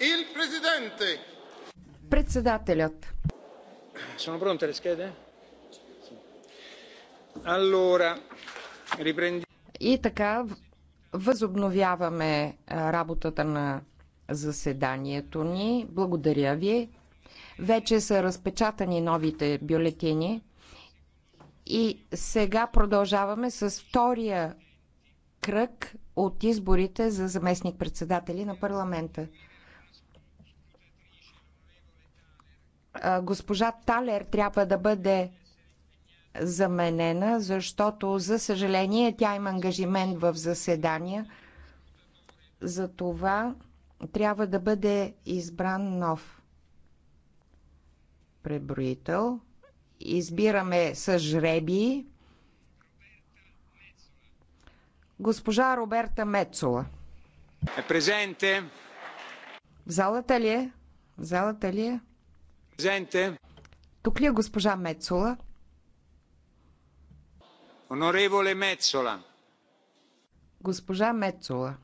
Il Presidente. Председателят. Sono pronte le schede? Allora, riprendi... И така, възобновяваме работата на заседанието ни. Благодаря ви. Вече са разпечатани новите бюлетини. И сега продължаваме с втория кръг от изборите за заместник-председатели на парламента. Госпожа Талер трябва да бъде заменена, защото, за съжаление, тя има ангажимент в заседания. За това трябва да бъде избран нов преброител. Избираме с жреби. госпожа Роберта Мецола. Е презенте. В залата ли е? В залата ли е? Тук ли е госпожа Мецола? Онореволе Мецола. Госпожа Мецола.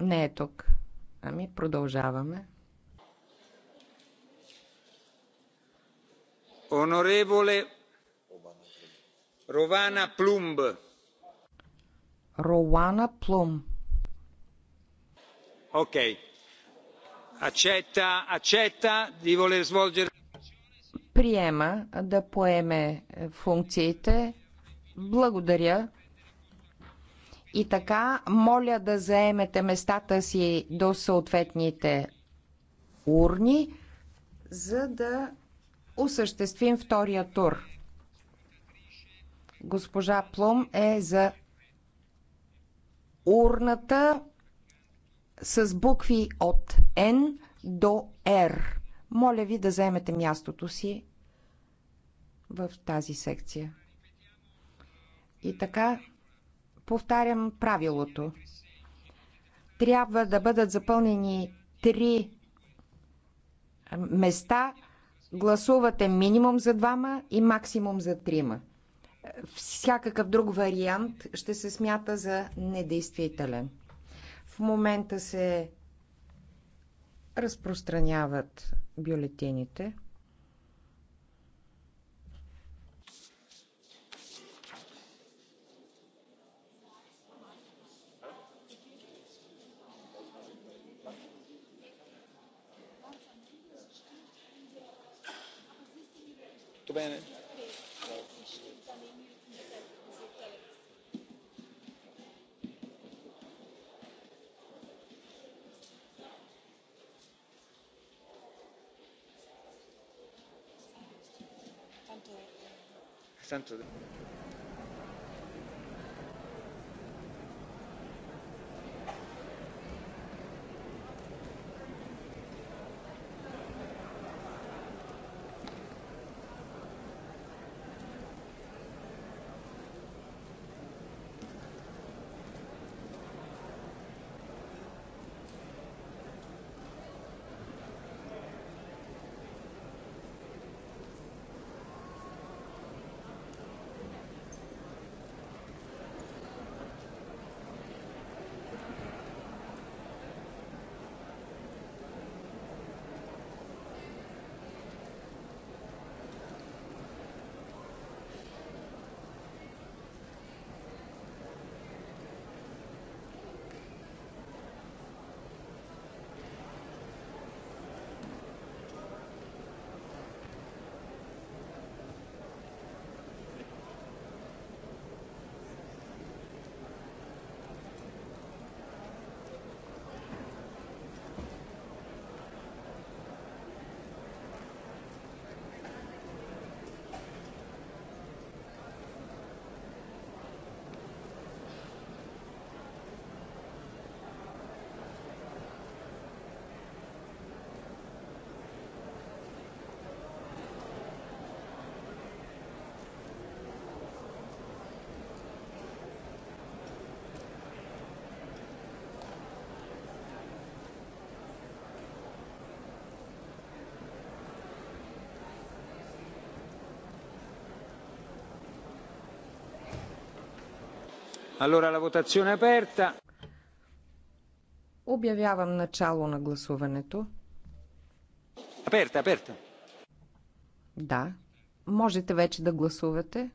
Не е тук. Ами продължаваме. Онореволе Рована Плумб. Рована Плум. Окей. Okay. Приема да поеме функциите. Благодаря. И така, моля да заемете местата си до съответните урни, за да осъществим втория тур. Госпожа Плум е за урната с букви от N до R. Моля ви да заемете мястото си в тази секция. И така, повтарям правилото. Трябва да бъдат запълнени три места. Гласувате минимум за двама и максимум за трима. Всякакъв друг вариант ще се смята за недействителен. В момента се разпространяват бюлетините. Bene. парламента. Allora la votazione è aperta. Обявявам начало на гласуването. Аперта, аперта. Да. Можете вече да гласувате.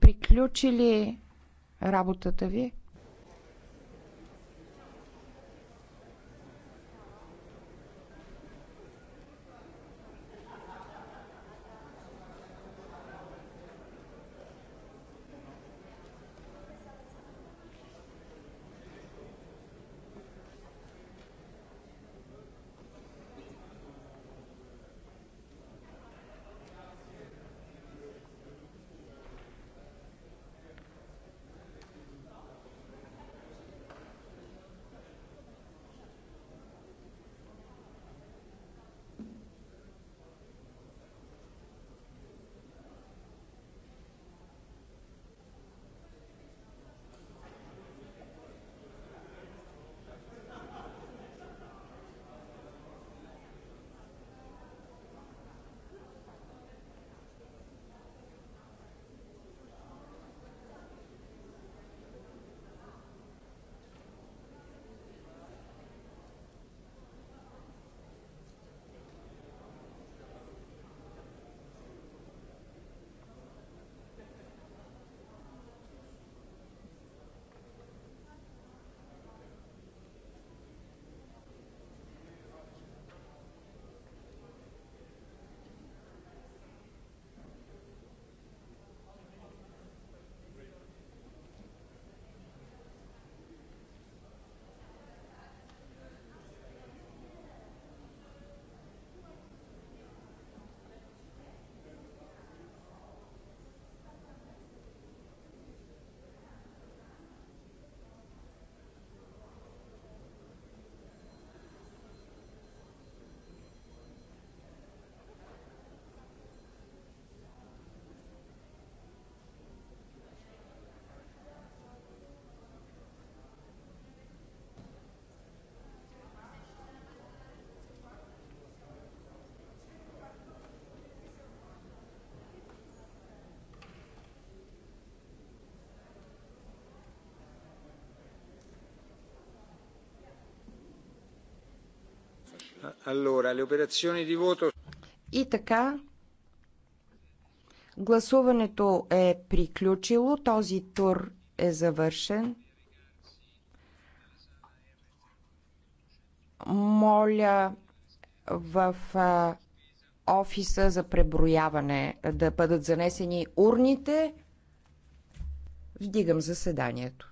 Приключили работата ви? И така, гласуването е приключило, този тур е завършен. Моля в офиса за преброяване да бъдат занесени урните. Вдигам заседанието.